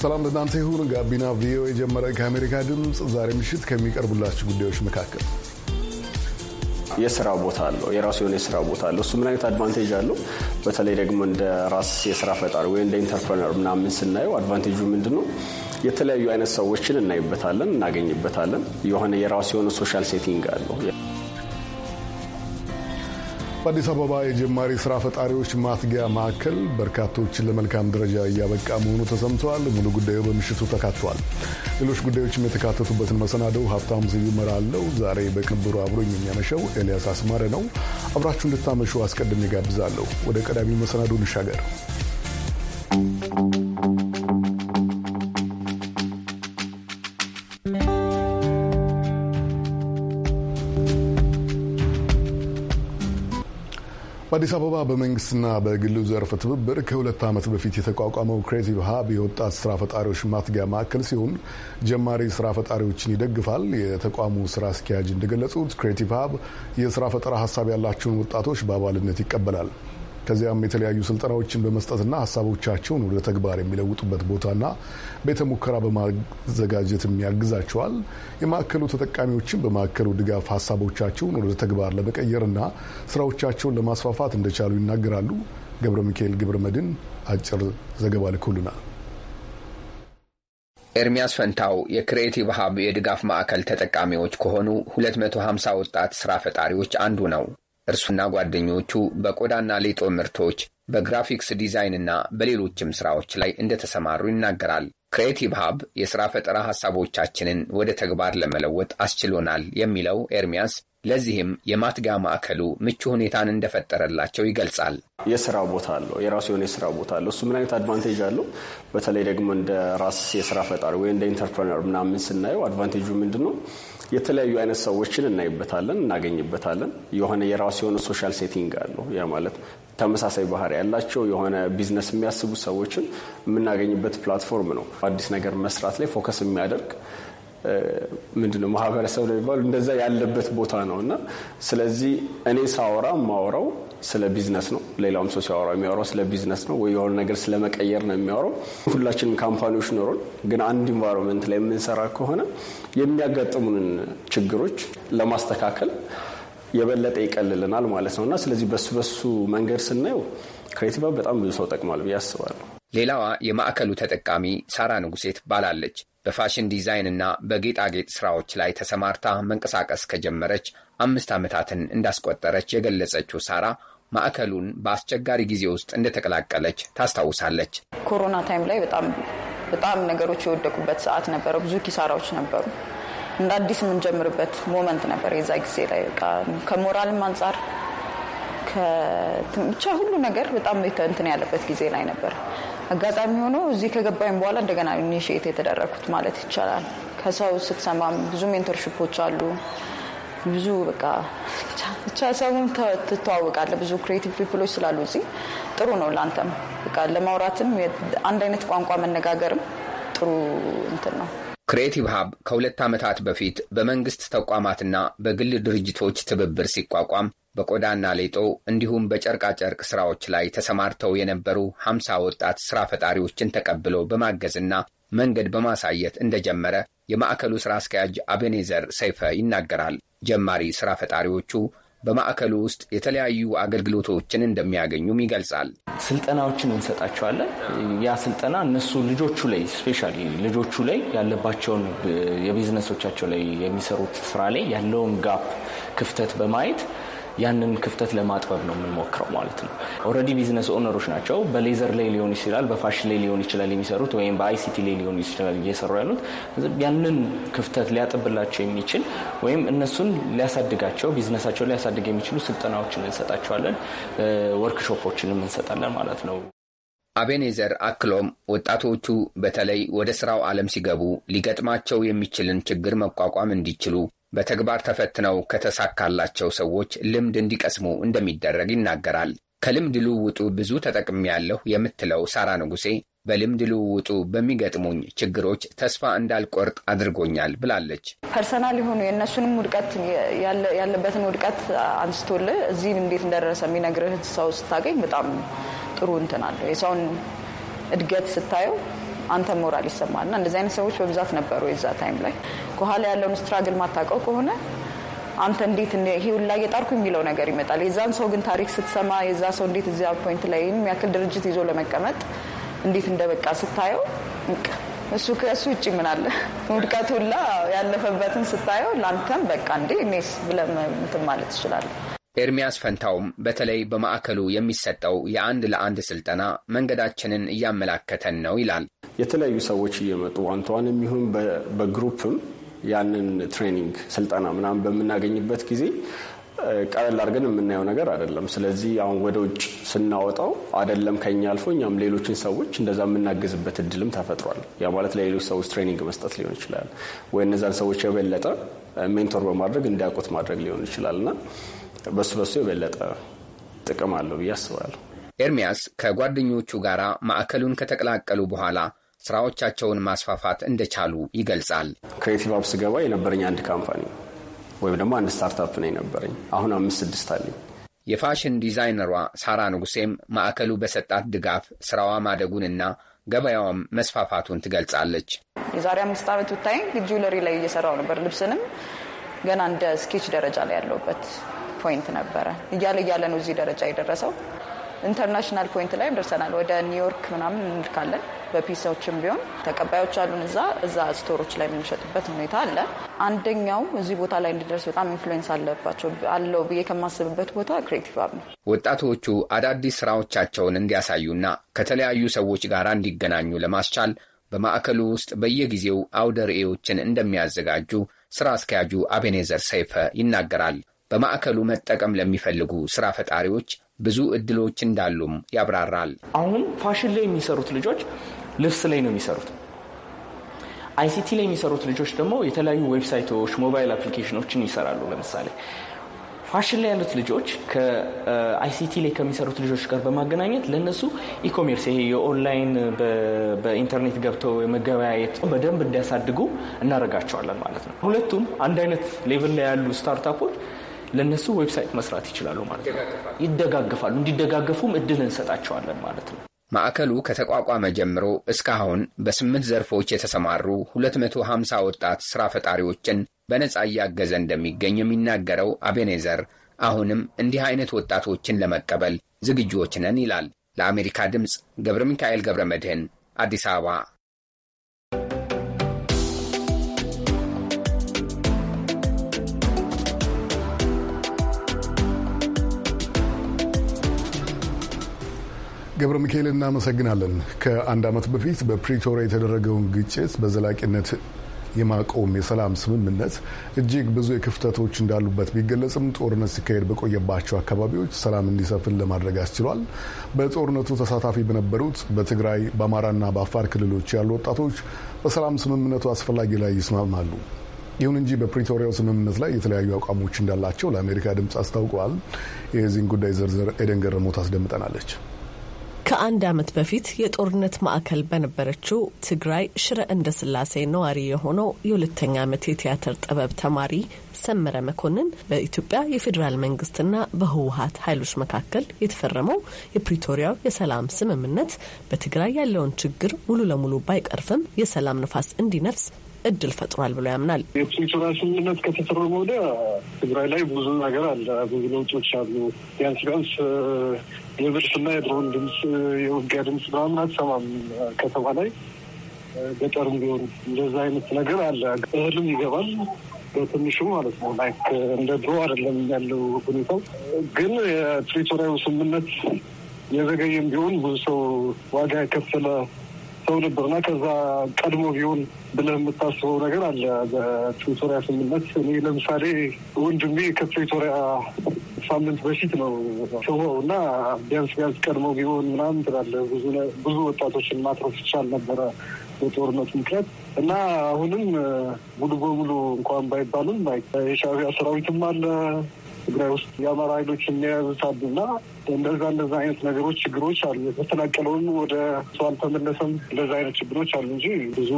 ሰላም ለእናንተ ይሁን። ጋቢና ቪኦኤ ጀመረ። ከአሜሪካ ድምፅ ዛሬ ምሽት ከሚቀርቡላችሁ ጉዳዮች መካከል የስራ ቦታ አለው። የራሱ የሆነ የስራ ቦታ አለው። እሱ ምን አይነት አድቫንቴጅ አለው? በተለይ ደግሞ እንደ ራስ የስራ ፈጣሪ ወይ እንደ ኢንተርፕረነር ምናምን ስናየው አድቫንቴጁ ምንድን ነው? የተለያዩ አይነት ሰዎችን እናይበታለን፣ እናገኝበታለን። የሆነ የራሱ የሆነ ሶሻል ሴቲንግ አለው። በአዲስ አበባ የጀማሪ ስራ ፈጣሪዎች ማትጊያ ማዕከል በርካቶችን ለመልካም ደረጃ እያበቃ መሆኑ ተሰምተዋል። ሙሉ ጉዳዩ በምሽቱ ተካቷል። ሌሎች ጉዳዮችም የተካተቱበትን መሰናደው ሀብታም ስዩ እመራለሁ። ዛሬ በቅንብሩ አብሮኝ የሚያመሸው ኤልያስ አስማረ ነው። አብራችሁ እንድታመሹ አስቀድሜ ጋብዛለሁ። ወደ ቀዳሚው መሰናዶ እንሻገር። በአዲስ አበባ በመንግስትና በግሉ ዘርፍ ትብብር ከሁለት ዓመት በፊት የተቋቋመው ክሬዚ ሀብ የወጣት ስራ ፈጣሪዎች ማትጊያ ማዕከል ሲሆን ጀማሪ ስራ ፈጣሪዎችን ይደግፋል። የተቋሙ ስራ አስኪያጅ እንደገለጹት ክሬቲቭ ሀብ የስራ ፈጠራ ሀሳብ ያላቸውን ወጣቶች በአባልነት ይቀበላል። ከዚያም የተለያዩ ስልጠናዎችን በመስጠትና ሀሳቦቻቸውን ወደ ተግባር የሚለውጡበት ቦታና ቤተ ሙከራ በማዘጋጀትም ያግዛቸዋል። የማዕከሉ ተጠቃሚዎችን በማዕከሉ ድጋፍ ሀሳቦቻቸውን ወደ ተግባር ለመቀየርና ስራዎቻቸውን ለማስፋፋት እንደቻሉ ይናገራሉ። ገብረ ሚካኤል ግብረ መድን አጭር ዘገባ ልኮልናል። ኤርሚያስ ፈንታው የክሬቲቭ ሀብ የድጋፍ ማዕከል ተጠቃሚዎች ከሆኑ 250 ወጣት ስራ ፈጣሪዎች አንዱ ነው። እርሱና ጓደኞቹ በቆዳና ሌጦ ምርቶች፣ በግራፊክስ ዲዛይንና በሌሎችም ሥራዎች ላይ እንደተሰማሩ ይናገራል። ክሬቲቭ ሀብ የሥራ ፈጠራ ሐሳቦቻችንን ወደ ተግባር ለመለወጥ አስችሎናል የሚለው ኤርሚያስ ለዚህም የማትጋ ማዕከሉ ምቹ ሁኔታን እንደፈጠረላቸው ይገልጻል። የስራ ቦታ አለው፣ የራሱ የሆነ የስራ ቦታ አለው። እሱ ምን አይነት አድቫንቴጅ አለው? በተለይ ደግሞ እንደ ራስ የስራ ፈጣሪ ወይ እንደ ኢንተርፕረነር ምናምን ስናየው አድቫንቴጁ ምንድን ነው? የተለያዩ አይነት ሰዎችን እናይበታለን፣ እናገኝበታለን። የሆነ የራሱ የሆነ ሶሻል ሴቲንግ አለው። ያ ማለት ተመሳሳይ ባህሪ ያላቸው የሆነ ቢዝነስ የሚያስቡ ሰዎችን የምናገኝበት ፕላትፎርም ነው። አዲስ ነገር መስራት ላይ ፎከስ የሚያደርግ ምንድነው ማህበረሰብ ለሚባሉ እንደዛ ያለበት ቦታ ነው እና ስለዚህ እኔ ሳወራ ማወራው ስለ ቢዝነስ ነው። ሌላውም ሰው ሲያወራ የሚያወራው ስለ ቢዝነስ ነው ወይ የሆነ ነገር ስለመቀየር ነው የሚያወራው። ሁላችንም ካምፓኒዎች ኖሮን ግን አንድ ኢንቫይሮንመንት ላይ የምንሰራ ከሆነ የሚያጋጥሙንን ችግሮች ለማስተካከል የበለጠ ይቀልልናል ማለት ነው እና ስለዚህ በሱ በሱ መንገድ ስናየው ክሬቲቭ ሀብ በጣም ብዙ ሰው ጠቅማል ብዬ አስባለሁ። ሌላዋ የማዕከሉ ተጠቃሚ ሳራ ንጉሴ ትባላለች። በፋሽን ዲዛይን እና በጌጣጌጥ ስራዎች ላይ ተሰማርታ መንቀሳቀስ ከጀመረች አምስት ዓመታትን እንዳስቆጠረች የገለጸችው ሳራ ማዕከሉን በአስቸጋሪ ጊዜ ውስጥ እንደተቀላቀለች ታስታውሳለች። ኮሮና ታይም ላይ በጣም በጣም ነገሮች የወደቁበት ሰዓት ነበረው። ብዙ ኪሳራዎች ነበሩ። እንደ አዲስ የምንጀምርበት ሞመንት ነበር። የዛ ጊዜ ላይ በቃ ከሞራልም አንጻር ብቻ ሁሉ ነገር በጣም እንትን ያለበት ጊዜ ላይ ነበር። አጋጣሚ ሆኖ እዚህ ከገባኝ በኋላ እንደገና ኢኒሺዬት የተደረግኩት ማለት ይቻላል። ከሰው ስትሰማም ብዙ ሜንቶርሽፖች አሉ። ብዙ በቃ ብቻ ሰውም ትተዋወቃለህ። ብዙ ክሬቲቭ ፒፕሎች ስላሉ እዚህ ጥሩ ነው ለአንተም በቃ ለማውራትም አንድ አይነት ቋንቋ መነጋገርም ጥሩ እንትን ነው። ክሬቲቭ ሀብ ከሁለት ዓመታት በፊት በመንግሥት ተቋማትና በግል ድርጅቶች ትብብር ሲቋቋም በቆዳና ሌጦ እንዲሁም በጨርቃጨርቅ ሥራዎች ላይ ተሰማርተው የነበሩ ሐምሳ ወጣት ሥራ ፈጣሪዎችን ተቀብሎ በማገዝና መንገድ በማሳየት እንደጀመረ የማዕከሉ ሥራ አስኪያጅ አቤኔዘር ሰይፈ ይናገራል። ጀማሪ ሥራ ፈጣሪዎቹ በማዕከሉ ውስጥ የተለያዩ አገልግሎቶችን እንደሚያገኙም ይገልጻል። ስልጠናዎችን እንሰጣቸዋለን። ያ ስልጠና እነሱ ልጆቹ ላይ ስፔሻሊ ልጆቹ ላይ ያለባቸውን የቢዝነሶቻቸው ላይ የሚሰሩት ስራ ላይ ያለውን ጋፕ ክፍተት በማየት ያንን ክፍተት ለማጥበብ ነው የምንሞክረው ማለት ነው። ኦልሬዲ ቢዝነስ ኦነሮች ናቸው። በሌዘር ላይ ሊሆን ይችላል፣ በፋሽን ላይ ሊሆን ይችላል የሚሰሩት ወይም በአይሲቲ ላይ ሊሆን ይችላል እየሰሩ ያሉት ያንን ክፍተት ሊያጥብላቸው የሚችል ወይም እነሱን ሊያሳድጋቸው ቢዝነሳቸውን ሊያሳድግ የሚችሉ ስልጠናዎችን እንሰጣቸዋለን፣ ወርክሾፖችንም እንሰጣለን ማለት ነው። አቤኔዘር አክሎም ወጣቶቹ በተለይ ወደ ስራው ዓለም ሲገቡ ሊገጥማቸው የሚችልን ችግር መቋቋም እንዲችሉ በተግባር ተፈትነው ከተሳካላቸው ሰዎች ልምድ እንዲቀስሙ እንደሚደረግ ይናገራል። ከልምድ ልውውጡ ብዙ ተጠቅሜያለሁ የምትለው ሳራ ንጉሴ በልምድ ልውውጡ በሚገጥሙኝ ችግሮች ተስፋ እንዳልቆርጥ አድርጎኛል ብላለች። ፐርሰናል የሆኑ የእነሱንም ውድቀት ያለበትን ውድቀት አንስቶልህ እዚህ እንዴት እንደደረሰ የሚነግርህ ሰው ስታገኝ በጣም ጥሩ እንትን አለው። የሰውን እድገት ስታየው አንተ ሞራል ይሰማልና እንደዚህ አይነት ሰዎች በብዛት ነበሩ የዛ ታይም ላይ ከኋላ ያለውን ስትራግል ማታውቀው ከሆነ አንተ እንዴት ይሄ ላይ የጣርኩ የሚለው ነገር ይመጣል። የዛን ሰው ግን ታሪክ ስትሰማ የዛ ሰው እንዴት እዚያ ፖይንት ላይ ያክል ድርጅት ይዞ ለመቀመጥ እንዴት እንደበቃ ስታየው እሱ ከእሱ ውጭ ምን አለ ሁላ ያለፈበትን ስታየው ለአንተም በቃ እንዴ እኔስ ብለህ እንትን ማለት ትችላለህ። ኤርሚያስ ፈንታውም በተለይ በማዕከሉ የሚሰጠው የአንድ ለአንድ ስልጠና መንገዳችንን እያመላከተን ነው ይላል። የተለያዩ ሰዎች እየመጡ አንተዋን የሚሆን በግሩፕም ያንን ትሬኒንግ ስልጠና ምናምን በምናገኝበት ጊዜ ቀለል አድርገን የምናየው ነገር አይደለም። ስለዚህ አሁን ወደ ውጭ ስናወጣው አይደለም ከኛ አልፎ እኛም ሌሎችን ሰዎች እንደዛ የምናግዝበት እድልም ተፈጥሯል። ያ ማለት ለሌሎች ሰዎች ትሬኒንግ መስጠት ሊሆን ይችላል ወይ እነዛን ሰዎች የበለጠ ሜንቶር በማድረግ እንዲያውቁት ማድረግ ሊሆን ይችላል እና በሱ በሱ የበለጠ ጥቅም አለው ብዬ አስባለሁ። ኤርሚያስ ከጓደኞቹ ጋር ማዕከሉን ከተቀላቀሉ በኋላ ስራዎቻቸውን ማስፋፋት እንደቻሉ ይገልጻል። ክሬቲቭ ሀብ ስገባ የነበረኝ አንድ ካምፓኒ ወይም ደግሞ አንድ ስታርታፕ ነው የነበረኝ። አሁን አምስት ስድስት አለኝ። የፋሽን ዲዛይነሯ ሳራ ንጉሴም ማዕከሉ በሰጣት ድጋፍ ስራዋ ማደጉንና ገበያዋም መስፋፋቱን ትገልጻለች። የዛሬ አምስት ዓመት ብታይ ጁለሪ ላይ እየሰራው ነበር። ልብስንም ገና እንደ ስኬች ደረጃ ላይ ያለውበት ፖይንት ነበረ። እያለ እያለ ነው እዚህ ደረጃ የደረሰው። ኢንተርናሽናል ፖይንት ላይ ደርሰናል። ወደ ኒውዮርክ ምናምን እንልካለን። በፒሳዎችም ቢሆን ተቀባዮች አሉን። እዛ እዛ ስቶሮች ላይ የምንሸጥበት ሁኔታ አለ። አንደኛው እዚህ ቦታ ላይ እንዲደርስ በጣም ኢንፍሉዌንስ አለባቸው አለው ብዬ ከማስብበት ቦታ ክሬቲቭ አብ ነው። ወጣቶቹ አዳዲስ ስራዎቻቸውን እንዲያሳዩና ከተለያዩ ሰዎች ጋር እንዲገናኙ ለማስቻል በማዕከሉ ውስጥ በየጊዜው አውደ ርዕዮችን እንደሚያዘጋጁ ስራ አስኪያጁ አቤኔዘር ሰይፈ ይናገራል። በማዕከሉ መጠቀም ለሚፈልጉ ስራ ፈጣሪዎች ብዙ እድሎች እንዳሉም ያብራራል። አሁን ፋሽን ላይ የሚሰሩት ልጆች ልብስ ላይ ነው የሚሰሩት። አይሲቲ ላይ የሚሰሩት ልጆች ደግሞ የተለያዩ ዌብሳይቶች፣ ሞባይል አፕሊኬሽኖችን ይሰራሉ። ለምሳሌ ፋሽን ላይ ያሉት ልጆች ከአይሲቲ ላይ ከሚሰሩት ልጆች ጋር በማገናኘት ለእነሱ ኢኮሜርስ ይሄ የኦንላይን በኢንተርኔት ገብተው የመገበያየት በደንብ እንዲያሳድጉ እናደርጋቸዋለን ማለት ነው። ሁለቱም አንድ አይነት ሌቭል ላይ ያሉ ስታርታፖች ለእነሱ ዌብሳይት መስራት ይችላሉ ማለት ነው። ይደጋግፋሉ፣ እንዲደጋገፉም እድል እንሰጣቸዋለን ማለት ነው። ማዕከሉ ከተቋቋመ ጀምሮ እስካሁን በስምንት ዘርፎች የተሰማሩ 250 ወጣት ሥራ ፈጣሪዎችን በነፃ እያገዘ እንደሚገኝ የሚናገረው አቤኔዘር አሁንም እንዲህ አይነት ወጣቶችን ለመቀበል ዝግጁዎች ነን ይላል። ለአሜሪካ ድምፅ ገብረ ሚካኤል ገብረ መድህን አዲስ አበባ ገብረ ሚካኤል እናመሰግናለን። ከአንድ ዓመት በፊት በፕሪቶሪያ የተደረገውን ግጭት በዘላቂነት የማቆም የሰላም ስምምነት እጅግ ብዙ የክፍተቶች እንዳሉበት ቢገለጽም ጦርነት ሲካሄድ በቆየባቸው አካባቢዎች ሰላም እንዲሰፍን ለማድረግ አስችሏል። በጦርነቱ ተሳታፊ በነበሩት በትግራይ በአማራና በአፋር ክልሎች ያሉ ወጣቶች በሰላም ስምምነቱ አስፈላጊ ላይ ይስማማሉ። ይሁን እንጂ በፕሪቶሪያው ስምምነት ላይ የተለያዩ አቋሞች እንዳላቸው ለአሜሪካ ድምፅ አስታውቀዋል። የዚህን ጉዳይ ዝርዝር ኤደን ገረሞት ታስደምጠናለች። ከአንድ ዓመት በፊት የጦርነት ማዕከል በነበረችው ትግራይ ሽረ እንደ ስላሴ ነዋሪ የሆነው የሁለተኛ ዓመት የቲያትር ጥበብ ተማሪ ሰመረ መኮንን በኢትዮጵያ የፌዴራል መንግስትና በህወሀት ኃይሎች መካከል የተፈረመው የፕሪቶሪያው የሰላም ስምምነት በትግራይ ያለውን ችግር ሙሉ ለሙሉ ባይቀርፍም የሰላም ንፋስ እንዲነፍስ እድል ፈጥሯል ብሎ ያምናል። የፊቱ ስምምነት ከተፈረመ ወዲያ ትግራይ ላይ ብዙ ነገር አለ፣ ብዙ ለውጦች አሉ። ቢያንስ ቢያንስ የብርስና የድሮን ድምፅ፣ የውጊያ ድምፅ ምናምን አትሰማም ከተማ ላይ ገጠርም ቢሆን እንደዛ አይነት ነገር አለ። እህልም ይገባል በትንሹ ማለት ነው። ላይክ እንደ ድሮ አይደለም ያለው ሁኔታው። ግን የፕሪቶሪያው ስምምነት የዘገየም ቢሆን ብዙ ሰው ዋጋ የከፈለ ውድድር ና ከዛ ቀድሞ ቢሆን ብለህ የምታስበው ነገር አለ። በፕሪቶሪያ ስምምነት እኔ ለምሳሌ ወንድሜ ከፕሪቶሪያ ሳምንት በፊት ነው ሰው እና ቢያንስ ቢያንስ ቀድሞ ቢሆን ምናምን ትላለህ። ብዙ ወጣቶችን ማትረፍ ይቻል ነበረ በጦርነቱ ምክንያት እና አሁንም ሙሉ በሙሉ እንኳን ባይባሉም የሻቢያ ሰራዊትም አለ ትግራይ ውስጥ የአማራ ኃይሎች የሚያዙት አሉና እንደዛ እንደዛ አይነት ነገሮች ችግሮች አሉ። የተፈናቀለውን ወደ ሰው አልተመለሰም። እንደዛ አይነት ችግሮች አሉ እንጂ ብዙ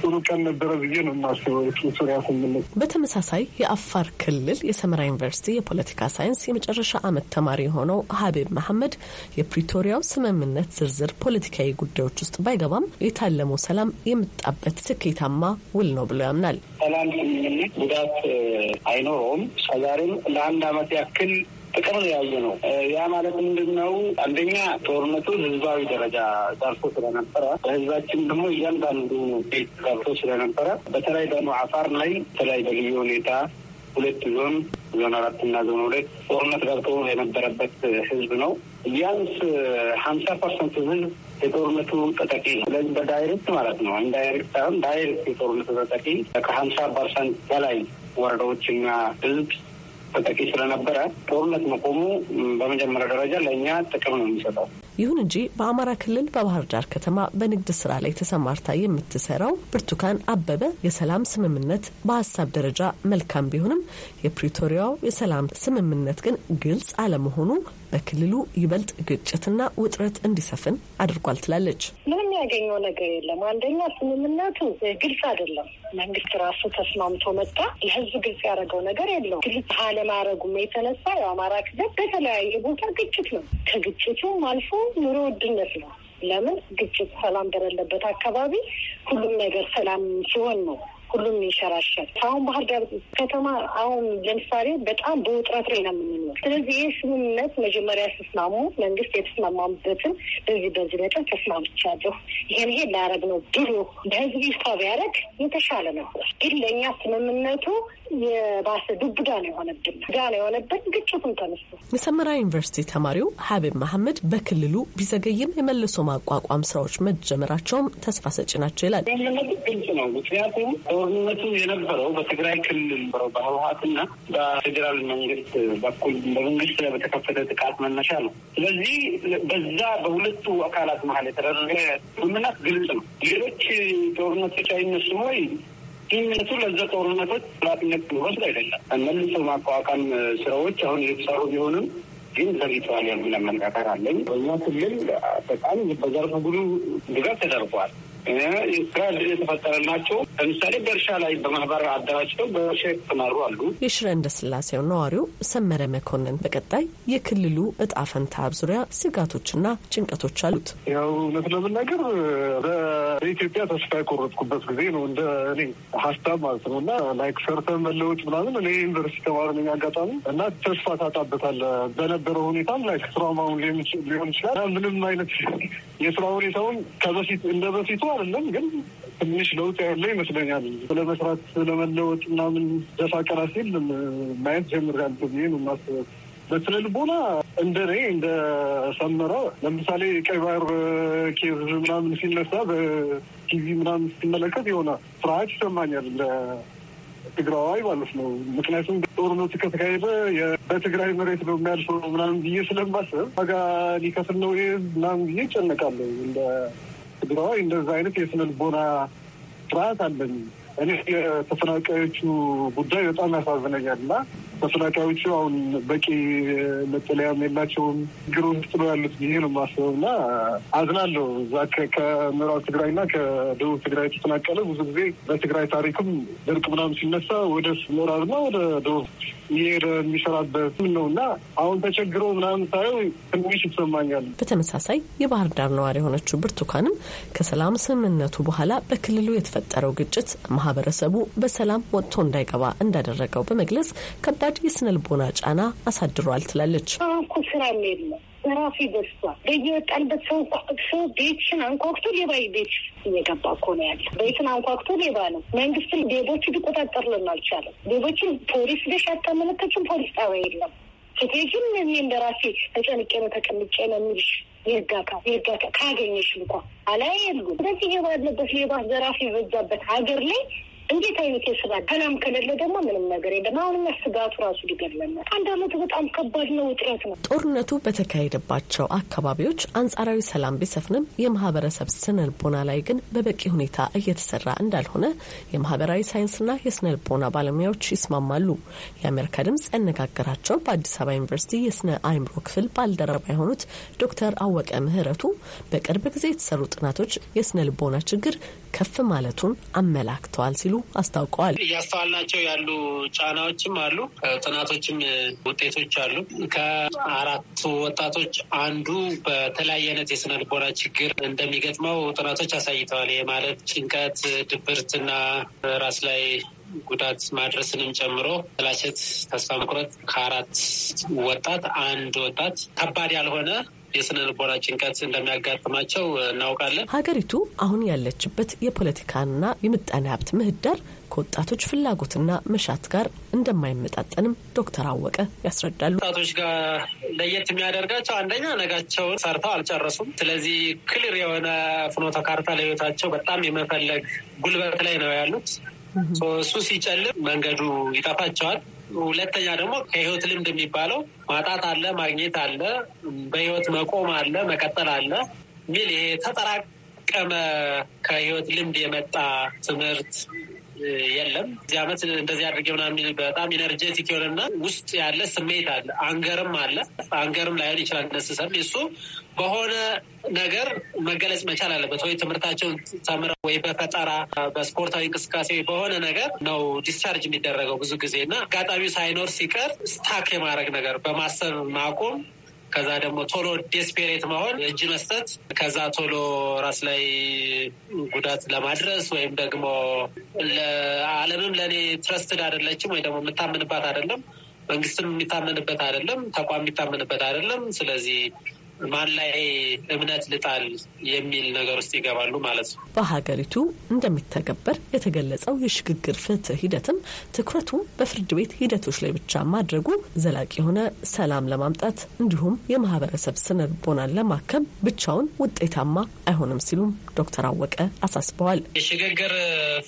ጥሩ ቀን ነበረ ብዬ ነው የማስበው። ሱሪያ ስምምነት። በተመሳሳይ የአፋር ክልል የሰመራ ዩኒቨርሲቲ የፖለቲካ ሳይንስ የመጨረሻ አመት ተማሪ የሆነው ሀቢብ መሐመድ የፕሪቶሪያው ስምምነት ዝርዝር ፖለቲካዊ ጉዳዮች ውስጥ ባይገባም የታለመው ሰላም የመጣበት ስኬታማ ውል ነው ብሎ ያምናል። ሰላም ስምምነት ጉዳት አይኖረውም። ከዛሬም ለአንድ አመት ያክል ጥቅም ነው ያየ ነው። ያ ማለት ምንድን ነው? አንደኛ ጦርነቱ ህዝባዊ ደረጃ ዳርሶ ስለነበረ በህዝባችን ደግሞ እያንዳንዱ ቤት ዳርሶ ስለነበረ በተለይ ደግሞ አፋር ላይ በተለይ በልዩ ሁኔታ ሁለት ዞን ዞን አራት እና ዞን ሁለት ጦርነት ገብቶ የነበረበት ህዝብ ነው። ቢያንስ ሀምሳ ፐርሰንት ህዝብ የጦርነቱ ተጠቂ ነው። ስለዚህ በዳይሬክት ማለት ነው ኢንዳይሬክት ሳይሆን ዳይሬክት የጦርነቱ ተጠቂ ከሀምሳ ፐርሰንት በላይ ወረዳዎችና ህዝብ ተጠቂ ስለነበረ ጦርነት መቆሙ በመጀመሪያ ደረጃ ለእኛ ጥቅም ነው የሚሰጠው። ይሁን እንጂ በአማራ ክልል በባህር ዳር ከተማ በንግድ ስራ ላይ ተሰማርታ የምትሰራው ብርቱካን አበበ የሰላም ስምምነት በሀሳብ ደረጃ መልካም ቢሆንም የፕሪቶሪያው የሰላም ስምምነት ግን ግልጽ አለመሆኑ በክልሉ ይበልጥ ግጭትና ውጥረት እንዲሰፍን አድርጓል ትላለች። ምንም ያገኘው ነገር የለም። አንደኛ ስምምነቱ ግልጽ አይደለም። መንግስት ራሱ ተስማምቶ መጣ። ለህዝብ ግልጽ ያደረገው ነገር የለው። ግልጽ አለማድረጉም የተነሳ የአማራ ክልል በተለያየ ቦታ ግጭት ነው። ከግጭቱም አልፎ ኑሮ ውድነት ነው። ለምን ግጭት ሰላም በሌለበት አካባቢ ሁሉም ነገር ሰላም ሲሆን ነው ሁሉም ይንሸራሸር። አሁን ባህር ዳር ከተማ አሁን ለምሳሌ በጣም በውጥረት ላይ ነው የምንኖር። ስለዚህ ይህ ስምምነት መጀመሪያ ስስማሙ መንግስት የተስማማበትን በዚህ በዚህ ነጥብ ተስማምቻለሁ፣ ይሄን ይሄ ላረግ ነው ብሎ በህዝብ ይፋ ቢያደርግ የተሻለ ነው። ግን ለእኛ ስምምነቱ የባሰ ዱብዳ ነው የሆነብን ዳ ነው የሆነብን ግጭቱም ተነሱ። የሰመራ ዩኒቨርሲቲ ተማሪው ሀቢብ መሐመድ በክልሉ ቢዘገይም የመልሶ ማቋቋም ስራዎች መጀመራቸውም ተስፋ ሰጪ ናቸው ይላል። ግልጽ ነው። ምክንያቱም ጦርነቱ የነበረው በትግራይ ክልል ነበረው በህወሀትና በፌዴራል መንግስት በኩል በመንግስት ላይ በተከፈተ ጥቃት መነሻ ነው። ስለዚህ በዛ በሁለቱ አካላት መሀል የተደረገ ስምምነት ግልጽ ነው። ሌሎች ጦርነቶች አይነሱም ወይ ስምምነቱ ለዛ ጦርነቶች ኃላፊነት ሚወስድ አይደለም። መልሶ ማቋቋም ስራዎች አሁን የተሰሩ ቢሆንም ግን ዘግይተዋል የሚል አመለካከት አለኝ። በኛ ክልል በጣም በዘርፉ ብዙ ድጋፍ ተደርጓል። ስራ እድል የተፈጠረላቸው ለምሳሌ በእርሻ ላይ በማህበር አደራጅተው በእርሻ የተሰማሩ አሉ። የሽረ እንዳስላሴው ነዋሪው ሰመረ መኮንን በቀጣይ የክልሉ እጣ ፈንታ ዙሪያ ስጋቶችና ጭንቀቶች አሉት። ያው እውነት ለመናገር በኢትዮጵያ ተስፋ የቆረጥኩበት ጊዜ ነው እንደ እኔ ሀሳብ ማለት ነው እና ላይክ ሰርተ መለወጥ ምናምን እኔ ዩኒቨርሲቲ ተማሪ ነኝ አጋጣሚ እና ተስፋ ታጣበታለ በነበረው ሁኔታም ላይክ ስራም ሊሆን ይችላል ምንም አይነት የስራ ሁኔታውን ከበፊት እንደ በፊቱ አይደለም ግን ትንሽ ለውጥ ያለ ይመስለኛል። ስለመስራት ስለመለወጥ ምናምን ደፋ ሲል ማየት ጀምሬያለሁ ብዬ ነው የማስበው። በስነ ልቦና እንደ እኔ እንደ ሰመረ ለምሳሌ ቀይ ባህር ኬዝ ምናምን ሲነሳ በቲቪ ምናምን ሲመለከት የሆነ ፍርሃት ይሰማኛል እንደ ትግራዋይ ማለት ነው። ምክንያቱም ጦርነቱ ከተካሄደ በትግራይ መሬት ነው የሚያልፈው ምናምን ብዬ ስለማስብ ዋጋ ሊከፍል ነው ምናምን ብዬ ይጨነቃለሁ እንደ ድሮ እንደዛ አይነት የስነ ልቦና ስርዓት አለን። እኔ የተፈናቃዮቹ ጉዳይ በጣም ያሳዝነኛል እና ተፈናቃዮቹ አሁን በቂ መጠለያም የላቸውም። ችግር ውስጥ ነው ያሉት ጊዜ ነው የማስበው እና አዝናለሁ። እዛ ከምዕራብ ትግራይ እና ከደቡብ ትግራይ የተፈናቀለ ብዙ ጊዜ በትግራይ ታሪክም ድርቅ ምናምን ሲነሳ ወደ ምዕራብ እና ወደ ደቡብ እየሄደ የሚሰራበት ነው እና አሁን ተቸግሮ ምናምን ሳየው ትንሽ ይሰማኛል። በተመሳሳይ የባህር ዳር ነዋሪ የሆነችው ብርቱካንም ከሰላም ስምምነቱ በኋላ በክልሉ የተፈጠረው ግጭት ማህበረሰቡ በሰላም ወጥቶ እንዳይገባ እንዳደረገው በመግለጽ ከባድ የስነ ልቦና ጫና አሳድሯል ትላለች። እኮ ስራም የለም በራሱ ይደርሷል። በየወጣንበት ሰው ሰው ቤትሽን አንኳኩቶ ሌባ ቤት እየገባ እኮ ነው ያለ። ቤትን አንኳኩቶ ሌባ ነው። መንግስትን ሌቦች ሊቆጣጠርልን አልቻለም። ሌቦችን ፖሊስ ደሽ አታመለከችም። ፖሊስ ጣቢያ የለም። ስትሄጂም እኔ እንደራሴ ተጨንቄ ነው ተቀምጬ ነው የሚልሽ የህግ አካል ካገኘሽ እንኳ አላይ የሉም። እንደዚህ ሌባ ያለበት ሌባ ዘራፊ የበዛበት ሀገር ላይ እንዴት አይነት የስራ ሰላም ከሌለ ደግሞ ምንም ነገር የለም። አሁንና ስጋቱ ራሱ ሊገለመ አንድ አመቱ በጣም ከባድ ነው፣ ውጥረት ነው። ጦርነቱ በተካሄደባቸው አካባቢዎች አንጻራዊ ሰላም ቢሰፍንም የማህበረሰብ ስነልቦና ላይ ግን በበቂ ሁኔታ እየተሰራ እንዳልሆነ የማህበራዊ ሳይንስና የስነልቦና ባለሙያዎች ይስማማሉ። የአሜሪካ ድምጽ ያነጋገራቸው በአዲስ አበባ ዩኒቨርሲቲ የስነ አይምሮ ክፍል ባልደረባ የሆኑት ዶክተር አወቀ ምህረቱ በቅርብ ጊዜ የተሰሩ ጥናቶች የስነልቦና ችግር ከፍ ማለቱን አመላክተዋል ሲሉ አስታውቀዋል። እያስተዋልናቸው ያሉ ጫናዎችም አሉ። ጥናቶችም ውጤቶች አሉ። ከአራቱ ወጣቶች አንዱ በተለያየ አይነት የስነ ልቦና ችግር እንደሚገጥመው ጥናቶች አሳይተዋል። ይህ ማለት ጭንቀት፣ ድብርትና ራስ ላይ ጉዳት ማድረስንም ጨምሮ ጥላሸት፣ ተስፋ መቁረጥ ከአራት ወጣት አንድ ወጣት ከባድ ያልሆነ የስነ ልቦና ጭንቀት እንደሚያጋጥማቸው እናውቃለን። ሀገሪቱ አሁን ያለችበት የፖለቲካና የምጣኔ ሀብት ምህዳር ከወጣቶች ፍላጎትና መሻት ጋር እንደማይመጣጠንም ዶክተር አወቀ ያስረዳሉ። ወጣቶች ጋር ለየት የሚያደርጋቸው አንደኛ ነጋቸውን ሰርተው አልጨረሱም። ስለዚህ ክሊር የሆነ ፍኖተ ካርታ ለህይወታቸው በጣም የመፈለግ ጉልበት ላይ ነው ያሉት። እሱ ሲጨልም መንገዱ ይጠፋቸዋል። ሁለተኛ ደግሞ ከህይወት ልምድ የሚባለው ማጣት አለ፣ ማግኘት አለ፣ በህይወት መቆም አለ፣ መቀጠል አለ ሚል ይሄ ተጠራቀመ ከህይወት ልምድ የመጣ ትምህርት የለም። እዚህ ዓመት እንደዚህ አድርጌ ምናምን የሚል በጣም ኢነርጀቲክ የሆነና ውስጥ ያለ ስሜት አለ። አንገርም አለ። አንገርም ላይሆን ይችላል ነስሰም እሱ በሆነ ነገር መገለጽ መቻል አለበት። ወይ ትምህርታቸውን ተምረው ወይ በፈጠራ በስፖርታዊ እንቅስቃሴ በሆነ ነገር ነው ዲስቻርጅ የሚደረገው ብዙ ጊዜ እና አጋጣሚው ሳይኖር ሲቀር ስታክ የማድረግ ነገር በማሰብ ማቆም ከዛ ደግሞ ቶሎ ዴስፔሬት መሆን፣ እጅ መስጠት፣ ከዛ ቶሎ ራስ ላይ ጉዳት ለማድረስ ወይም ደግሞ ለዓለምም ለእኔ ትረስትድ አይደለችም ወይ ደግሞ የምታምንባት አይደለም መንግስትም የሚታመንበት አይደለም፣ ተቋም የሚታመንበት አይደለም። ስለዚህ ማን ላይ እምነት ልጣል የሚል ነገር ውስጥ ይገባሉ ማለት ነው። በሀገሪቱ እንደሚተገበር የተገለጸው የሽግግር ፍትህ ሂደትም ትኩረቱ በፍርድ ቤት ሂደቶች ላይ ብቻ ማድረጉ ዘላቂ የሆነ ሰላም ለማምጣት እንዲሁም የማህበረሰብ ስነ ልቦናን ለማከም ብቻውን ውጤታማ አይሆንም ሲሉም ዶክተር አወቀ አሳስበዋል። የሽግግር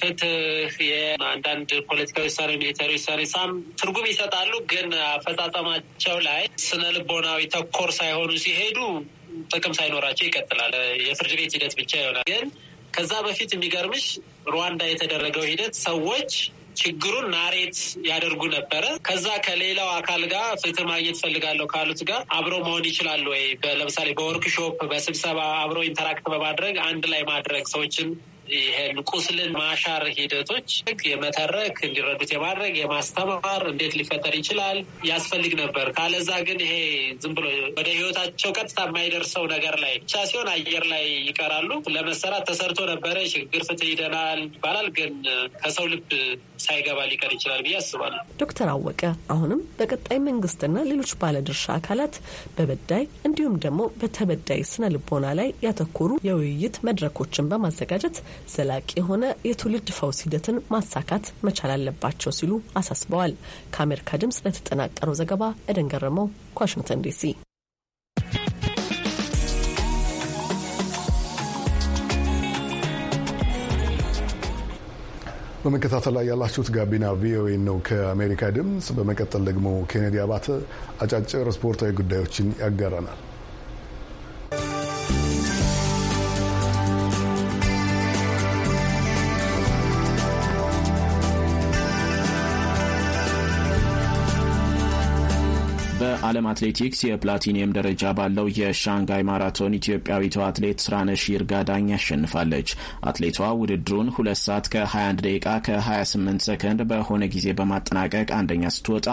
ፍትህ የአንዳንድ ፖለቲካዊ ውሳኔ፣ ሚሊተሪ ውሳኔ ሳም ትርጉም ይሰጣሉ፣ ግን አፈጻጸማቸው ላይ ስነ ልቦናዊ ተኮር ሳይሆኑ ሲሄዱ ልምዱ ጥቅም ሳይኖራቸው ይቀጥላል። የፍርድ ቤት ሂደት ብቻ ይሆናል። ግን ከዛ በፊት የሚገርምሽ ሩዋንዳ የተደረገው ሂደት ሰዎች ችግሩን ናሬት ያደርጉ ነበረ። ከዛ ከሌላው አካል ጋር ፍትህ ማግኘት ፈልጋለሁ ካሉት ጋር አብረው መሆን ይችላሉ ወይ? ለምሳሌ በወርክሾፕ በስብሰባ አብረው ኢንተራክት በማድረግ አንድ ላይ ማድረግ ሰዎችን ይሄን ቁስልን ማሻር ሂደቶች የመተረክ እንዲረዱት የማድረግ የማስተማር እንዴት ሊፈጠር ይችላል ያስፈልግ ነበር። ካለዛ ግን ይሄ ዝም ብሎ ወደ ህይወታቸው ቀጥታ የማይደርሰው ነገር ላይ ብቻ ሲሆን አየር ላይ ይቀራሉ። ለመሰራት ተሰርቶ ነበረ። ችግር ፍትህ ይደናል ይባላል፣ ግን ከሰው ልብ ሳይገባ ሊቀር ይችላል ብዬ አስባለሁ። ዶክተር አወቀ አሁንም በቀጣይ መንግስትና ሌሎች ባለድርሻ አካላት በበዳይ እንዲሁም ደግሞ በተበዳይ ስነ ልቦና ላይ ያተኮሩ የውይይት መድረኮችን በማዘጋጀት ዘላቂ የሆነ የትውልድ ፈውስ ሂደትን ማሳካት መቻል አለባቸው ሲሉ አሳስበዋል። ከአሜሪካ ድምጽ ለተጠናቀረው ዘገባ ኤደን ገረመው ከዋሽንግተን ዲሲ። በመከታተል ላይ ያላችሁት ጋቢና ቪኦኤ ነው ከአሜሪካ ድምፅ። በመቀጠል ደግሞ ኬኔዲ አባተ አጫጭር ስፖርታዊ ጉዳዮችን ያጋራናል። አለም አትሌቲክስ የፕላቲኒየም ደረጃ ባለው የሻንጋይ ማራቶን ኢትዮጵያዊቷ አትሌት ስራነሽ ይርጋዳኝ ያሸንፋለች። አትሌቷ ውድድሩን ሁለት ሰዓት ከ21 ደቂቃ ከ28 ሰከንድ በሆነ ጊዜ በማጠናቀቅ አንደኛ ስትወጣ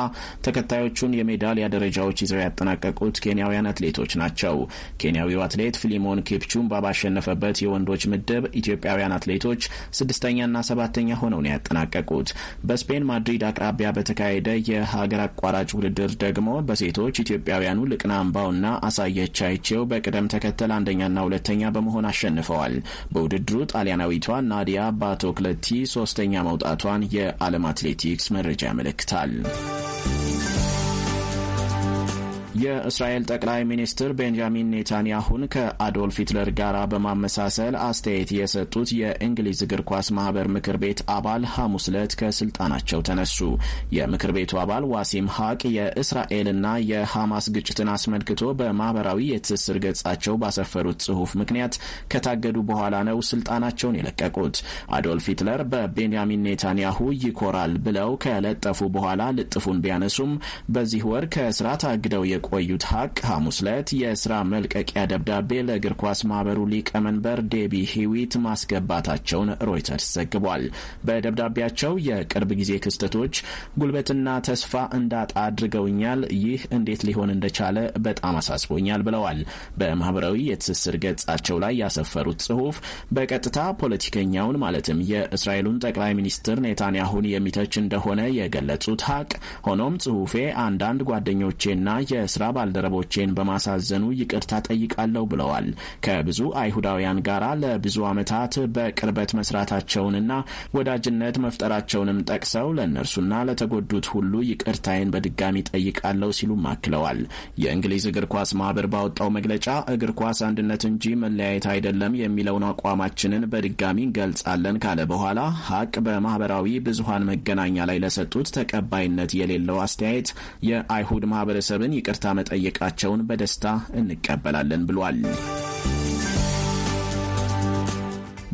ተከታዮቹን የሜዳሊያ ደረጃዎች ይዘው ያጠናቀቁት ኬንያውያን አትሌቶች ናቸው። ኬንያዊው አትሌት ፊሊሞን ኬፕቹምባ ባሸነፈበት የወንዶች ምድብ ኢትዮጵያውያን አትሌቶች ስድስተኛና ሰባተኛ ሆነው ነው ያጠናቀቁት። በስፔን ማድሪድ አቅራቢያ በተካሄደ የሀገር አቋራጭ ውድድር ደግሞ በሴቶ ሴቶች ኢትዮጵያውያኑ ልቅና አምባውና አሳየች አይቼው በቅደም ተከተል አንደኛና ሁለተኛ በመሆን አሸንፈዋል። በውድድሩ ጣሊያናዊቷ ናዲያ ባቶክለቲ ሶስተኛ መውጣቷን የዓለም አትሌቲክስ መረጃ ያመለክታል። የእስራኤል ጠቅላይ ሚኒስትር ቤንጃሚን ኔታንያሁን ከአዶልፍ ሂትለር ጋር በማመሳሰል አስተያየት የሰጡት የእንግሊዝ እግር ኳስ ማህበር ምክር ቤት አባል ሐሙስ ዕለት ከስልጣናቸው ተነሱ። የምክር ቤቱ አባል ዋሲም ሀቅ የእስራኤልና የሐማስ ግጭትን አስመልክቶ በማህበራዊ የትስስር ገጻቸው ባሰፈሩት ጽሑፍ ምክንያት ከታገዱ በኋላ ነው ስልጣናቸውን የለቀቁት። አዶልፍ ሂትለር በቤንያሚን ኔታንያሁ ይኮራል ብለው ከለጠፉ በኋላ ልጥፉን ቢያነሱም በዚህ ወር ከስራ ታግደው የቆዩት ሀቅ ሐሙስ ዕለት የስራ መልቀቂያ ደብዳቤ ለእግር ኳስ ማህበሩ ሊቀመንበር ዴቢ ሂዊት ማስገባታቸውን ሮይተርስ ዘግቧል። በደብዳቤያቸው የቅርብ ጊዜ ክስተቶች ጉልበትና ተስፋ እንዳጣ አድርገውኛል፣ ይህ እንዴት ሊሆን እንደቻለ በጣም አሳስቦኛል ብለዋል። በማህበራዊ የትስስር ገጻቸው ላይ ያሰፈሩት ጽሑፍ በቀጥታ ፖለቲከኛውን ማለትም የእስራኤሉን ጠቅላይ ሚኒስትር ኔታንያሁን የሚተች እንደሆነ የገለጹት ሀቅ ሆኖም ጽሑፌ አንዳንድ ጓደኞቼና የስራ ባልደረቦቼን በማሳዘኑ ይቅርታ ጠይቃለሁ ብለዋል። ከብዙ አይሁዳውያን ጋር ለብዙ ዓመታት በቅርበት መስራታቸውንና ወዳጅነት መፍጠራቸውንም ጠቅሰው ለእነርሱና ለተጎዱት ሁሉ ይቅርታዬን በድጋሚ ጠይቃለሁ ሲሉም አክለዋል። የእንግሊዝ እግር ኳስ ማህበር ባወጣው መግለጫ እግር ኳስ አንድነት እንጂ መለያየት አይደለም የሚለውን አቋማችንን በድጋሚ እንገልጻለን ካለ በኋላ ሀቅ በማህበራዊ ብዙሀን መገናኛ ላይ ለሰጡት ተቀባይነት የሌለው አስተያየት የአይሁድ ማህበረሰብን ይቅርታ ይቅርታ መጠየቃቸውን በደስታ እንቀበላለን ብሏል።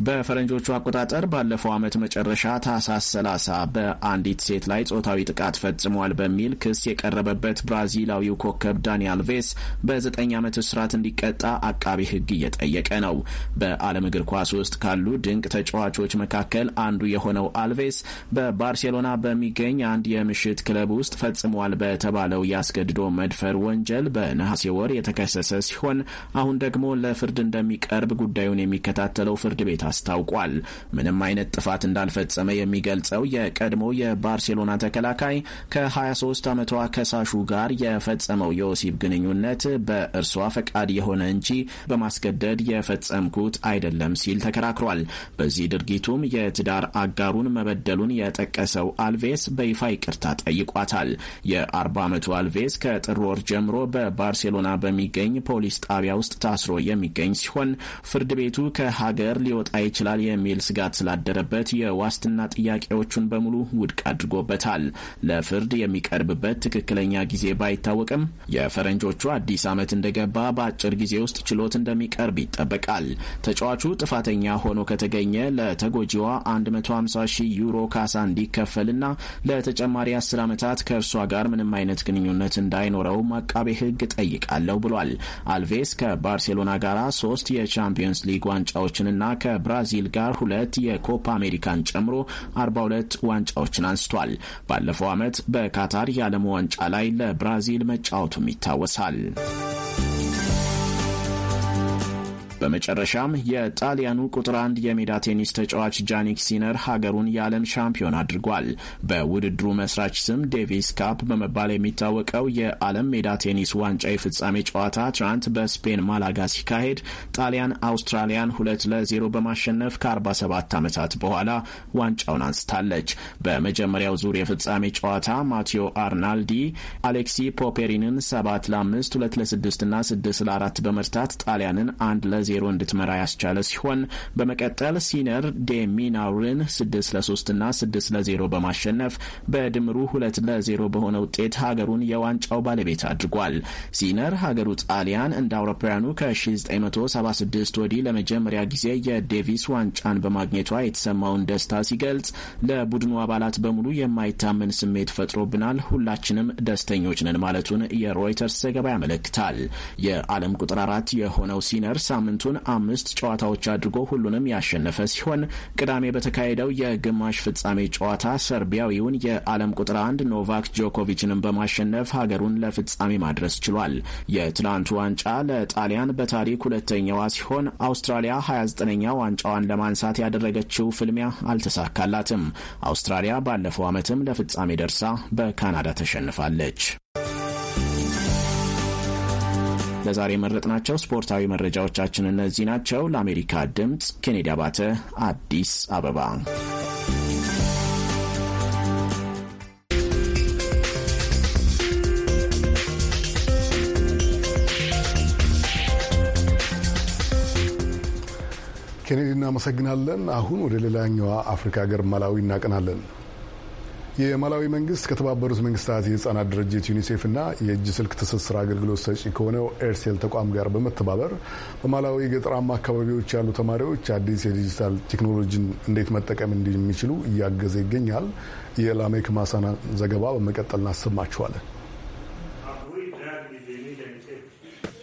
በፈረንጆቹ አቆጣጠር ባለፈው ዓመት መጨረሻ ታህሳስ 30 በአንዲት ሴት ላይ ጾታዊ ጥቃት ፈጽሟል በሚል ክስ የቀረበበት ብራዚላዊው ኮከብ ዳኒ አልቬስ በዘጠኝ ዓመት እስራት እንዲቀጣ አቃቢ ሕግ እየጠየቀ ነው። በዓለም እግር ኳስ ውስጥ ካሉ ድንቅ ተጫዋቾች መካከል አንዱ የሆነው አልቬስ በባርሴሎና በሚገኝ አንድ የምሽት ክለብ ውስጥ ፈጽሟል በተባለው ያስገድዶ መድፈር ወንጀል በነሐሴ ወር የተከሰሰ ሲሆን አሁን ደግሞ ለፍርድ እንደሚቀርብ ጉዳዩን የሚከታተለው ፍርድ ቤት አስታውቋል። ምንም አይነት ጥፋት እንዳልፈጸመ የሚገልጸው የቀድሞ የባርሴሎና ተከላካይ ከ23 ዓመቷ ከሳሹ ጋር የፈጸመው የወሲብ ግንኙነት በእርሷ ፈቃድ የሆነ እንጂ በማስገደድ የፈጸምኩት አይደለም ሲል ተከራክሯል። በዚህ ድርጊቱም የትዳር አጋሩን መበደሉን የጠቀሰው አልቬስ በይፋ ይቅርታ ጠይቋታል። የ40 ዓመቱ አልቬስ ከጥር ወር ጀምሮ በባርሴሎና በሚገኝ ፖሊስ ጣቢያ ውስጥ ታስሮ የሚገኝ ሲሆን ፍርድ ቤቱ ከሀገር ሊወጣ ይችላል የሚል ስጋት ስላደረበት የዋስትና ጥያቄዎቹን በሙሉ ውድቅ አድርጎበታል። ለፍርድ የሚቀርብበት ትክክለኛ ጊዜ ባይታወቅም የፈረንጆቹ አዲስ ዓመት እንደገባ በአጭር ጊዜ ውስጥ ችሎት እንደሚቀርብ ይጠበቃል። ተጫዋቹ ጥፋተኛ ሆኖ ከተገኘ ለተጎጂዋ 150 ሺህ ዩሮ ካሳ እንዲከፈልና ለተጨማሪ 10 ዓመታት ከእርሷ ጋር ምንም አይነት ግንኙነት እንዳይኖረው አቃቤ ሕግ ጠይቃለሁ ብሏል። አልቬስ ከባርሴሎና ጋር ሶስት የቻምፒየንስ ሊግ ዋንጫዎችንና ከ ከብራዚል ጋር ሁለት የኮፓ አሜሪካን ጨምሮ 42 ዋንጫዎችን አንስቷል። ባለፈው ዓመት በካታር የዓለም ዋንጫ ላይ ለብራዚል መጫወቱም ይታወሳል። በመጨረሻም የጣሊያኑ ቁጥር አንድ የሜዳ ቴኒስ ተጫዋች ጃኒክ ሲነር ሀገሩን የዓለም ሻምፒዮን አድርጓል። በውድድሩ መስራች ስም ዴቪስ ካፕ በመባል የሚታወቀው የዓለም ሜዳ ቴኒስ ዋንጫ የፍጻሜ ጨዋታ ትናንት በስፔን ማላጋ ሲካሄድ ጣሊያን አውስትራሊያን ሁለት ለዜሮ በማሸነፍ ከ47 ዓመታት በኋላ ዋንጫውን አንስታለች። በመጀመሪያው ዙር የፍጻሜ ጨዋታ ማቴዮ አርናልዲ አሌክሲ ፖፔሪንን 7 ለ5፣ 2 ለ6 እና 6 ለ4 በመርታት ጣሊያንን 1 ለ ለዜሮ እንድትመራ ያስቻለ ሲሆን በመቀጠል ሲነር ዴሚናውርን ስድስት ና ስድስት ለዜሮ በማሸነፍ በድምሩ ሁለት ለዜሮ በሆነ ውጤት ሀገሩን የዋንጫው ባለቤት አድርጓል። ሲነር ሀገሩ ጣሊያን እንደ አውሮፓውያኑ ከ1976 ወዲህ ለመጀመሪያ ጊዜ የዴቪስ ዋንጫን በማግኘቷ የተሰማውን ደስታ ሲገልጽ ለቡድኑ አባላት በሙሉ የማይታመን ስሜት ፈጥሮብናል፣ ሁላችንም ደስተኞች ነን ማለቱን የሮይተርስ ዘገባ ያመለክታል። የዓለም ቁጥር አራት የሆነው ሲነር ሳምንት ሳምንቱን አምስት ጨዋታዎች አድርጎ ሁሉንም ያሸነፈ ሲሆን ቅዳሜ በተካሄደው የግማሽ ፍጻሜ ጨዋታ ሰርቢያዊውን የዓለም ቁጥር አንድ ኖቫክ ጆኮቪችንም በማሸነፍ ሀገሩን ለፍጻሜ ማድረስ ችሏል። የትናንቱ ዋንጫ ለጣሊያን በታሪክ ሁለተኛዋ ሲሆን አውስትራሊያ 29ኛ ዋንጫዋን ለማንሳት ያደረገችው ፍልሚያ አልተሳካላትም። አውስትራሊያ ባለፈው ዓመትም ለፍጻሜ ደርሳ በካናዳ ተሸንፋለች። ለዛሬ የመረጥናቸው ስፖርታዊ መረጃዎቻችን እነዚህ ናቸው። ለአሜሪካ ድምፅ ኬኔዲ አባተ፣ አዲስ አበባ። ኬኔዲ እናመሰግናለን። አሁን ወደ ሌላኛዋ አፍሪካ ሀገር ማላዊ እናቀናለን። የማላዊ መንግስት ከተባበሩት መንግስታት የህጻናት ድርጅት ዩኒሴፍና የእጅ ስልክ ትስስር አገልግሎት ሰጪ ከሆነው ኤርሴል ተቋም ጋር በመተባበር በማላዊ ገጠራማ አካባቢዎች ያሉ ተማሪዎች አዲስ የዲጂታል ቴክኖሎጂን እንዴት መጠቀም እንደሚችሉ እያገዘ ይገኛል። የላሜክ ማሳና ዘገባ በመቀጠል እናሰማችኋለን።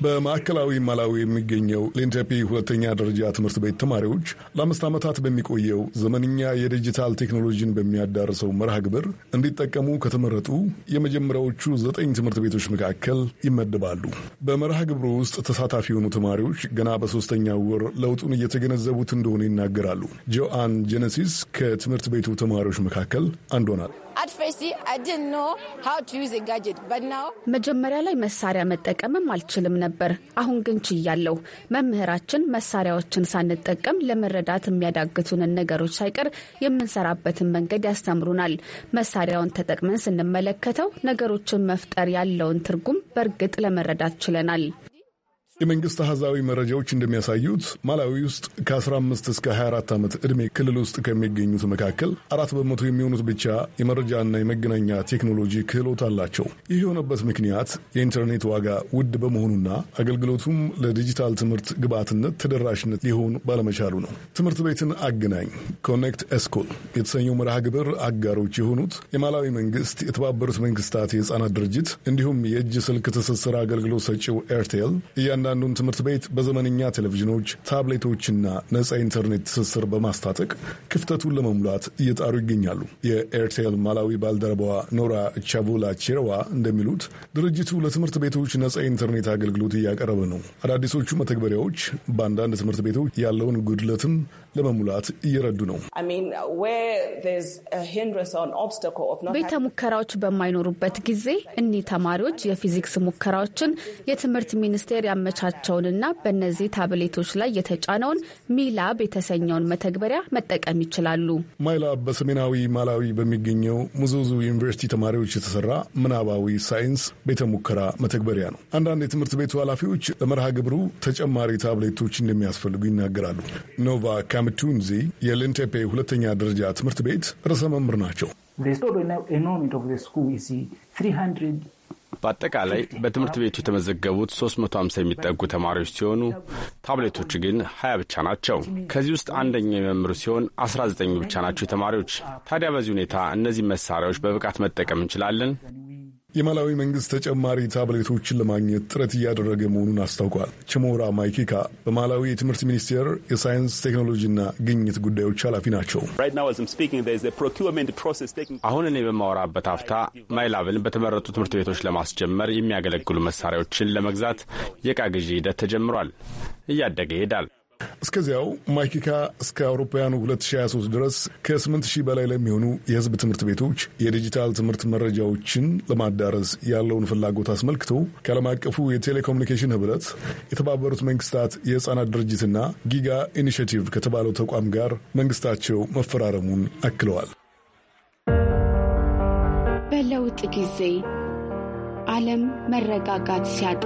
በማዕከላዊ ማላዊ የሚገኘው ሌንቴፔ ሁለተኛ ደረጃ ትምህርት ቤት ተማሪዎች ለአምስት ዓመታት በሚቆየው ዘመንኛ የዲጂታል ቴክኖሎጂን በሚያዳርሰው መርሃ ግብር እንዲጠቀሙ ከተመረጡ የመጀመሪያዎቹ ዘጠኝ ትምህርት ቤቶች መካከል ይመደባሉ። በመርሃ ግብሩ ውስጥ ተሳታፊ የሆኑ ተማሪዎች ገና በሶስተኛ ወር ለውጡን እየተገነዘቡት እንደሆነ ይናገራሉ። ጆአን ጄኔሲስ ከትምህርት ቤቱ ተማሪዎች መካከል አንዷ ናት። መጀመሪያ ላይ መሳሪያ መጠቀምም አልችልም ነበር። አሁን ግን ችያለሁ። መምህራችን መሳሪያዎችን ሳንጠቀም ለመረዳት የሚያዳግቱንን ነገሮች ሳይቀር የምንሰራበትን መንገድ ያስተምሩናል። መሳሪያውን ተጠቅመን ስንመለከተው ነገሮችን መፍጠር ያለውን ትርጉም በእርግጥ ለመረዳት ችለናል። የመንግስት አሃዛዊ መረጃዎች እንደሚያሳዩት ማላዊ ውስጥ ከ15 እስከ 24 ዓመት ዕድሜ ክልል ውስጥ ከሚገኙት መካከል አራት በመቶ የሚሆኑት ብቻ የመረጃና የመገናኛ ቴክኖሎጂ ክህሎት አላቸው። ይህ የሆነበት ምክንያት የኢንተርኔት ዋጋ ውድ በመሆኑና አገልግሎቱም ለዲጂታል ትምህርት ግብዓትነት ተደራሽነት ሊሆን ባለመቻሉ ነው። ትምህርት ቤትን አገናኝ ኮኔክት ኤስኮል የተሰኘው መርሃ ግብር አጋሮች የሆኑት የማላዊ መንግስት፣ የተባበሩት መንግስታት የህፃናት ድርጅት እንዲሁም የእጅ ስልክ ትስስር አገልግሎት ሰጪው ኤርቴል እያንዳ እያንዳንዱን ትምህርት ቤት በዘመነኛ ቴሌቪዥኖች፣ ታብሌቶችና ነፃ ኢንተርኔት ትስስር በማስታጠቅ ክፍተቱን ለመሙላት እየጣሩ ይገኛሉ። የኤርቴል ማላዊ ባልደረባዋ ኖራ ቻቮላ ቼርዋ እንደሚሉት ድርጅቱ ለትምህርት ቤቶች ነፃ ኢንተርኔት አገልግሎት እያቀረበ ነው። አዳዲሶቹ መተግበሪያዎች በአንዳንድ ትምህርት ቤቶች ያለውን ጉድለትም ለመሙላት እየረዱ ነው። ቤተ ሙከራዎች በማይኖሩበት ጊዜ እኒህ ተማሪዎች የፊዚክስ ሙከራዎችን የትምህርት ሚኒስቴር ያመ አምራቻቸውንና በእነዚህ ታብሌቶች ላይ የተጫነውን ሚላብ የተሰኘውን መተግበሪያ መጠቀም ይችላሉ። ማይላብ በሰሜናዊ ማላዊ በሚገኘው ሙዙዙ ዩኒቨርሲቲ ተማሪዎች የተሰራ ምናባዊ ሳይንስ ቤተ ሙከራ መተግበሪያ ነው። አንዳንድ የትምህርት ቤቱ ኃላፊዎች ለመርሃ ግብሩ ተጨማሪ ታብሌቶች እንደሚያስፈልጉ ይናገራሉ። ኖቫ ካምቱንዚ የሌንቴፔ ሁለተኛ ደረጃ ትምህርት ቤት ርዕሰ መምህር ናቸው። በአጠቃላይ በትምህርት ቤቱ የተመዘገቡት 350 የሚጠጉ ተማሪዎች ሲሆኑ ታብሌቶች ግን 20 ብቻ ናቸው። ከዚህ ውስጥ አንደኛው የመምህሩ ሲሆን 19 ብቻ ናቸው ተማሪዎች። ታዲያ በዚህ ሁኔታ እነዚህ መሳሪያዎች በብቃት መጠቀም እንችላለን? የማላዊ መንግስት ተጨማሪ ታብሌቶችን ለማግኘት ጥረት እያደረገ መሆኑን አስታውቋል። ችሞራ ማይኬካ በማላዊ የትምህርት ሚኒስቴር የሳይንስ ቴክኖሎጂና ግኝት ጉዳዮች ኃላፊ ናቸው። አሁን እኔ በማወራበት አፍታ ማይላብን በተመረጡ ትምህርት ቤቶች ለማስጀመር የሚያገለግሉ መሳሪያዎችን ለመግዛት የእቃ ግዢ ሂደት ተጀምሯል። እያደገ ይሄዳል። እስከዚያው ማይኪካ እስከ አውሮፓውያኑ 2023 ድረስ ከ8000 በላይ ለሚሆኑ የህዝብ ትምህርት ቤቶች የዲጂታል ትምህርት መረጃዎችን ለማዳረስ ያለውን ፍላጎት አስመልክቶ ከዓለም አቀፉ የቴሌኮሙኒኬሽን ህብረት፣ የተባበሩት መንግስታት የህፃናት ድርጅትና ጊጋ ኢኒሽቲቭ ከተባለው ተቋም ጋር መንግስታቸው መፈራረሙን አክለዋል። በለውጥ ጊዜ ዓለም መረጋጋት ሲያጣ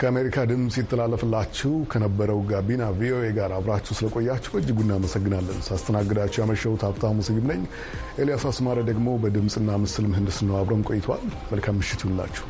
ከአሜሪካ ድምፅ ይተላለፍላችሁ ከነበረው ጋቢና ቪኦኤ ጋር አብራችሁ ስለቆያችሁ በእጅጉ እናመሰግናለን። ሳስተናግዳችሁ ያመሸሁት ሀብታሙ ስዩም ነኝ። ኤልያስ አስማረ ደግሞ በድምፅና ምስል ነው አብረን ቆይተዋል። መልካም ምሽት ይሁንላችሁ።